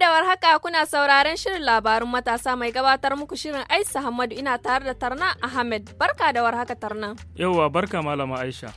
da warhaka kuna sauraren shirin labarun matasa mai gabatar muku shirin Aisha Hamadu ina tare da Tarna Ahmed. Barka da warhaka Tarna. Yauwa barka Malama Aisha.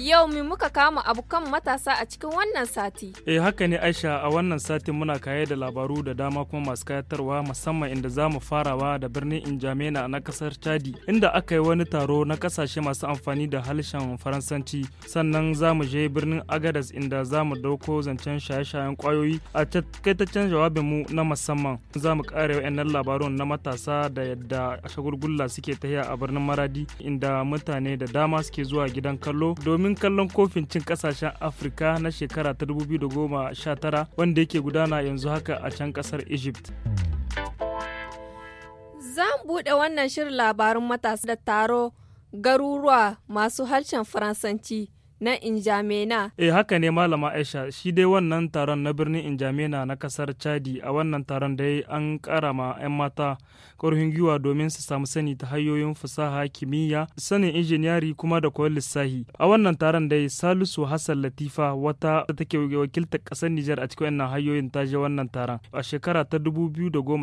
Yau mi muka kama abu abokan matasa a cikin wannan sati. Eh haka ne Aisha a wannan sati muna kaye da labaru da dama kuma masu kayatarwa musamman inda za mu farawa da birnin Injamena na kasar Chadi inda aka yi wani taro na kasashe masu amfani da harshen Faransanci sannan za mu je birnin Agadas inda za mu dauko zancen shaye-shayen kwayoyi a taƙaitaccen jawabin mu na musamman za mu kare wayannan labarun na matasa da yadda shagulgulla suke tahiya a birnin Maradi inda mutane da dama suke zuwa gidan kallo domin domin kallon kofin cin kasashen afirka na shekara ta 2019 wanda yake gudana yanzu haka a can kasar egypt zan buɗe wannan shirin labarun matasa da taro garuruwa masu harshen faransanci na Injamena. e haka ne Malama Aisha shi dai wannan taron na birnin Injamena na kasar Chadi a wannan taron da an ma 'yan mata ƙarfin gwiwa domin su samu sani ta hanyoyin fasaha kimiyya sanin injiniyari kuma da koyon lissahi. A wannan taron dai Salisu Hassan Latifa wata da take wakiltar ƙasar Nijar a cikin wannan hanyoyin ta je wannan taron. A shekara ta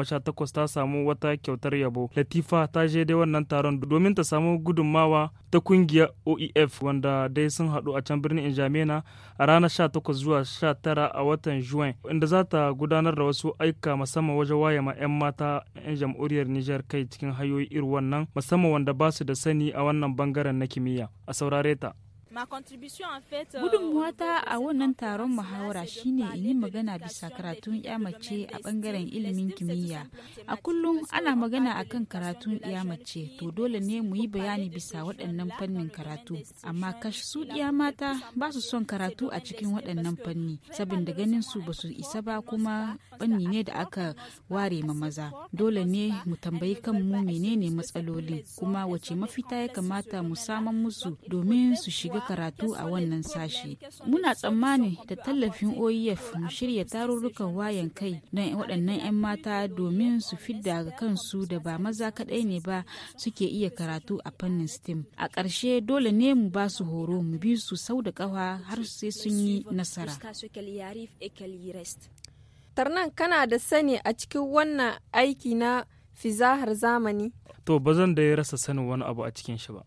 sha takwas ta samu wata kyautar yabo. Latifa ta je dai wannan taron domin ta samu gudunmawa ta kungiyar OEF wanda dai sun haɗu haɗu a can birnin Injamena a ranar 18 zuwa 19 a watan Juin inda za ta gudanar da wasu aika musamman wajen waye ma 'yan mata 'yan jam'uriyar Nijar kai cikin hayoyi irin wannan musamman wanda ba su da sani a wannan bangaren na kimiyya a saurare ta. Euh, Gudunmuwata a wannan taron muhawara shine in yi magana bisa karatun ya mace a bangaren ilimin kimiyya. A kullum ana magana akan karatun ya mace, to dole ne mu yi bayani bisa waɗannan fannin karatu. Amma kash su ya mata ba su son karatu a cikin waɗannan fanni, saboda ganin su ba su isa ba kuma fanni ne da aka ware ma maza. Dole ne mu tambayi kanmu menene matsaloli kuma wace mafita ya kamata mu saman musu domin su shiga karatu a wannan sashi. Muna tsammani da tallafin OEF mu shirya tarurrukan wayan kai don waɗannan 'yan mata domin su fidda ga kansu da ba maza kaɗai ne ba suke iya karatu a fannin STEM. A ƙarshe dole ne mu ba su horo mu bi su sau da ƙafa har sai sun yi nasara. Tarnan kana da sani a cikin wannan aiki na fizahar zamani? To, ba da ya rasa sanin wani abu a cikin shi ba.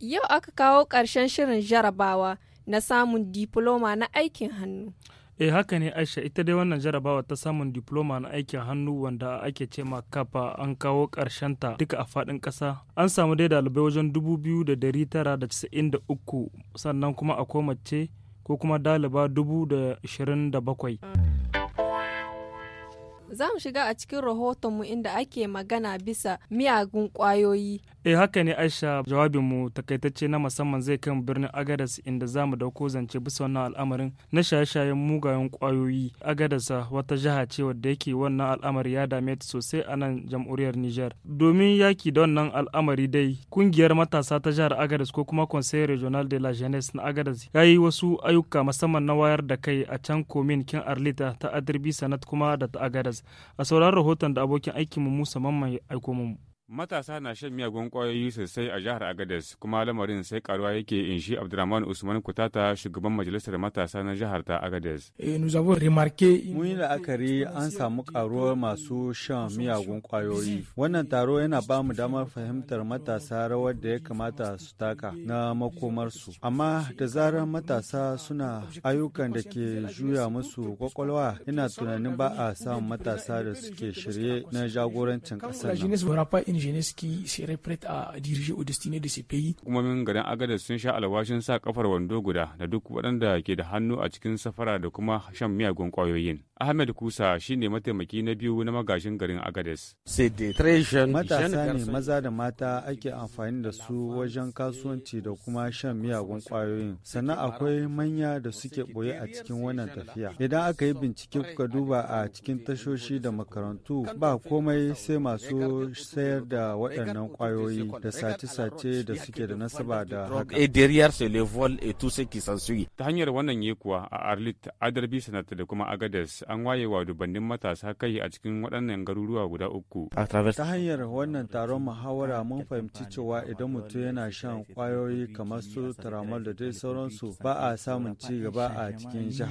Yau aka kawo ƙarshen shirin jarabawa na samun diploma na aikin hannu. e haka ne aisha ita dai wannan jarabawa ta samun diploma na aikin hannu wanda ake ce ma kafa an kawo ƙarshen ta duka a faɗin ƙasa an samu dai dalibai wajen dubu biyu da dari tara da casa'in da uku sannan kuma akwai mace ko kuma daliba dubu da ashirin da bakwai. Za mu shiga a cikin rahotonmu inda ake magana bisa miyagun ƙwayoyi. Eh haka ne Aisha mu takaitacce na musamman zai kan birnin Agadas inda za mu dauko zance bisa wannan al'amarin na shaye-shayen mugayen ƙwayoyi. Agadas wata jiha ce wadda yake wannan al'amari ya dame ta sosai a nan jamhuriyar Nijar. Domin yaki da wannan al'amari dai kungiyar matasa ta jihar Agadas ko kuma Conseil Regional de la Jeunesse na Agadas ya yi wasu ayyuka musamman na wayar da kai a can komin kin Arlita ta Adirbi Sanat kuma da ta Agadas. a sauran rahoton da abokin aikinmu Musa Mamman ya aiko mu. Matasa na shan miyagun ƙwayoyi sosai a jihar Agadez kuma lamarin sai karuwa yake in shi Abdurrahman Usman Kutata shugaban majalisar matasa na jihar ta Agadez. Eh, Mun yi la'akari an samu karuwar masu shan miyagun ƙwayoyi. Wannan taro yana ba mu damar fahimtar matasa rawar da ya kamata su taka na makomarsu. Amma da zarar matasa suna ayyukan da ke juya musu kwakwalwa ina tunanin ba a samun matasa da suke shirye na jagorancin ƙasar. jeunesse qui serait prête à diriger au destiné de ce pays. Hukumomin garin Agada sun sha alwashin sa kafar wando guda da duk waɗanda ke da hannu a cikin safara da kuma shan miyagun ƙwayoyin. Ahmed Kusa shine mataimaki na biyu na magashin garin Agades. Matasa ne maza da mata ake amfani da su wajen kasuwanci da kuma shan miyagun kwayoyin. Sannan akwai manya da suke boye a cikin wannan tafiya. Idan aka yi bincike kuka duba a cikin tashoshi da makarantu ba komai sai masu sayar da waɗannan kwayoyi da sace-sace da suke da nasaba da haka. Ta hanyar wannan yekuwa a Arlit, Adarbi Sanata da kuma Agades an waye wa dubannin matasa kai a cikin waɗannan garuruwa guda uku. Ta hanyar wannan taron muhawara mun fahimci cewa idan mutum yana shan kwayoyi kamar su taramal da dai sauransu ba a samun ci gaba a cikin jihar.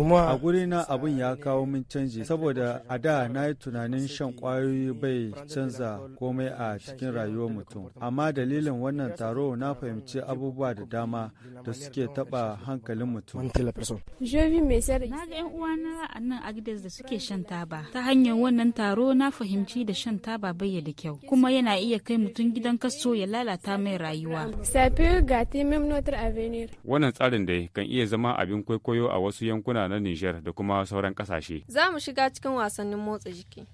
A guri na abin ya kawo min canji saboda a da na yi tunanin shan kwayoyi bai canza komai a cikin rayuwar mutum. Amma dalilin wannan taro na fahimci abubuwa da dama da suke taɓa hankalin mutum. Na na a nan Agdes da suke shan taba. Ta hanyar wannan taro na fahimci da shan taba bai da kyau, kuma yana iya kai mutum gidan kaso ya lalata mai rayuwa. Wannan tsarin dai kan iya zama abin kwaikwayo a wasu yankuna na niger da kuma sauran kasashe. Za mu shiga cikin wasannin motsa jiki.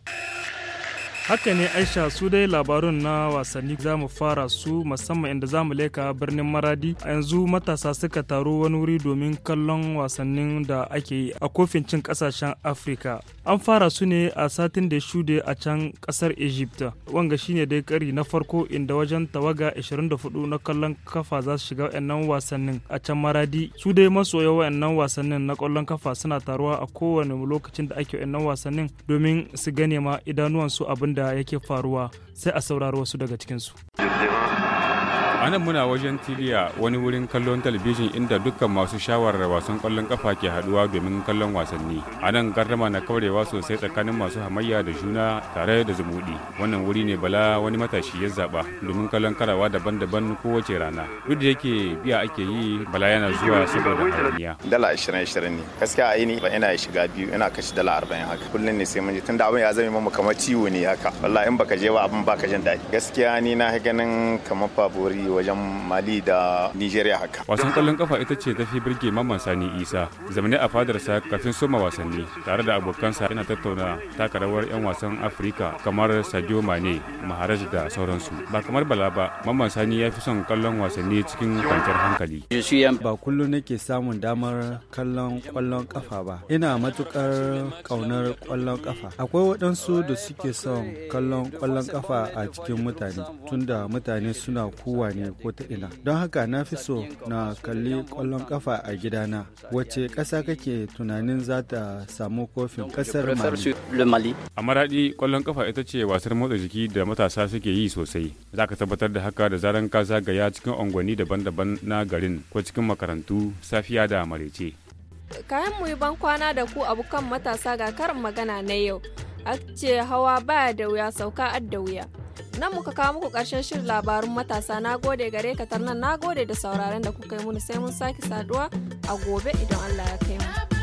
Haka ne Aisha su dai labarun na wasanni za mu fara su musamman inda za mu leka birnin Maradi. A yanzu matasa suka taru wani wuri domin kallon wasannin da ake yi a kofin cin kasashen Afirka. An fara su ne a satin da shude a can kasar Egypt. Wanga shine dai kari na farko inda wajen tawaga 24 na kallon kafa za su shiga wayannan wasannin a can Maradi. Su dai masoya wayannan wasannin na kallon kafa suna taruwa a kowane lokacin da ake wayannan wasannin domin su gane ma idanuwansu abin da yake faruwa sai a saurari wasu daga cikinsu. anan muna wajen tiliya wani wurin kallon talabijin inda dukkan masu shawarar wasan kwallon kafa ke haduwa domin kallon wasanni a nan gardama na kaurewa sosai tsakanin masu hamayya da juna tare da zumudi wannan wuri ne bala wani matashi ya zaba domin kallon karawa daban-daban kowace rana duk da yake biya ake yi bala yana zuwa saboda hayaniya dala 20 ne gaskiya a ba ina shiga biyu ina kashi dala 40 haka kullum ne sai mun ji tunda abin ya zame mamu kamar ciwo ne haka wallahi in baka je ba abin baka jin daɗi gaskiya ni na ganin kamar favori wajen mali da nigeria haka wasan kallon kafa ita ce tafi birge mamman sani isa zamani a fadarsa kafin soma wasanni tare da abokansa yana tattauna taka rawar 'yan wasan afirka kamar sadio mane maharaj da sauransu ba kamar bala ba mamman sani ya fi son kallon wasanni cikin kwanciyar hankali ba kullum nake samun damar kallon kwallon kafa ba ina matukar kaunar kwallon kafa akwai waɗansu da suke son kallon kwallon kafa a cikin mutane tunda mutane suna kowa ne ne ko ta ina don haka na fi so na kalli kwallon kafa a gidana wacce ƙasa kake tunanin za ta samu kofin ƙasar mali a maraɗi kwallon kafa ita ce wasar motsa jiki da matasa suke yi sosai za ka tabbatar da haka da zaran ka zagaya cikin unguwanni daban-daban na garin ko cikin makarantu safiya da marece kayan mu ban kwana da ku abu kan matasa ga karin magana na yau a ce hawa baya da wuya sauka ad da wuya Nan muka kawo muku ƙarshen shirin labarun matasa na gode gare ka tarnan na gode da sauraron da kuka yi mun sai mun sake saduwa a gobe idan Allah ya kai mu.